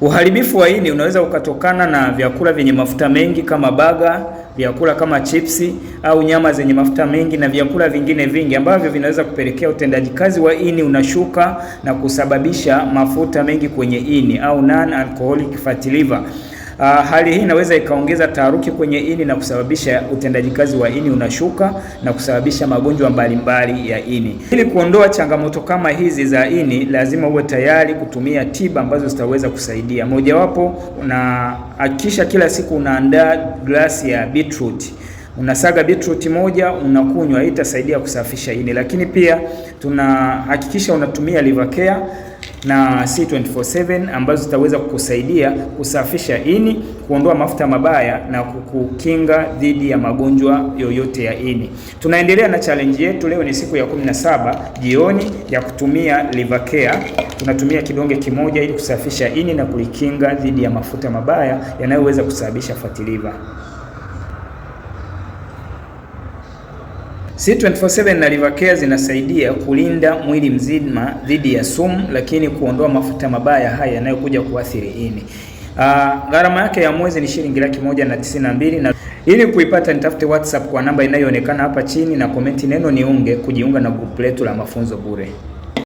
Uharibifu wa ini unaweza ukatokana na vyakula vyenye mafuta mengi kama baga, vyakula kama chipsi au nyama zenye mafuta mengi na vyakula vingine vingi ambavyo vinaweza kupelekea utendaji kazi wa ini unashuka na kusababisha mafuta mengi kwenye ini au non alcoholic fatty liver. Uh, hali hii inaweza ikaongeza taharuki kwenye ini na kusababisha utendaji kazi wa ini unashuka na kusababisha magonjwa mbalimbali ya ini. Ili kuondoa changamoto kama hizi za ini, lazima uwe tayari kutumia tiba ambazo zitaweza kusaidia. Mojawapo, unahakikisha kila siku unaandaa glasi ya beetroot unasaga beetroot moja unakunywa, itasaidia kusafisha ini. Lakini pia tunahakikisha unatumia liver care na C24/7 ambazo zitaweza kukusaidia kusafisha ini, kuondoa mafuta mabaya na kukukinga dhidi ya magonjwa yoyote ya ini. Tunaendelea na challenge yetu. Leo ni siku ya 17 jioni ya kutumia Liver Care. Tunatumia kidonge kimoja ili kusafisha ini na kulikinga dhidi ya mafuta mabaya yanayoweza kusababisha fatty liver. C24/7 na Care zinasaidia kulinda mwili mzima dhidi ya sumu, lakini kuondoa mafuta mabaya haya yanayokuja kuathiri ini. Uh, gharama yake ya mwezi ni shilingi laki moja na tisini na mbili na ili kuipata nitafute WhatsApp kwa namba inayoonekana hapa chini na komenti neno niunge kujiunga na grupu letu la mafunzo bure.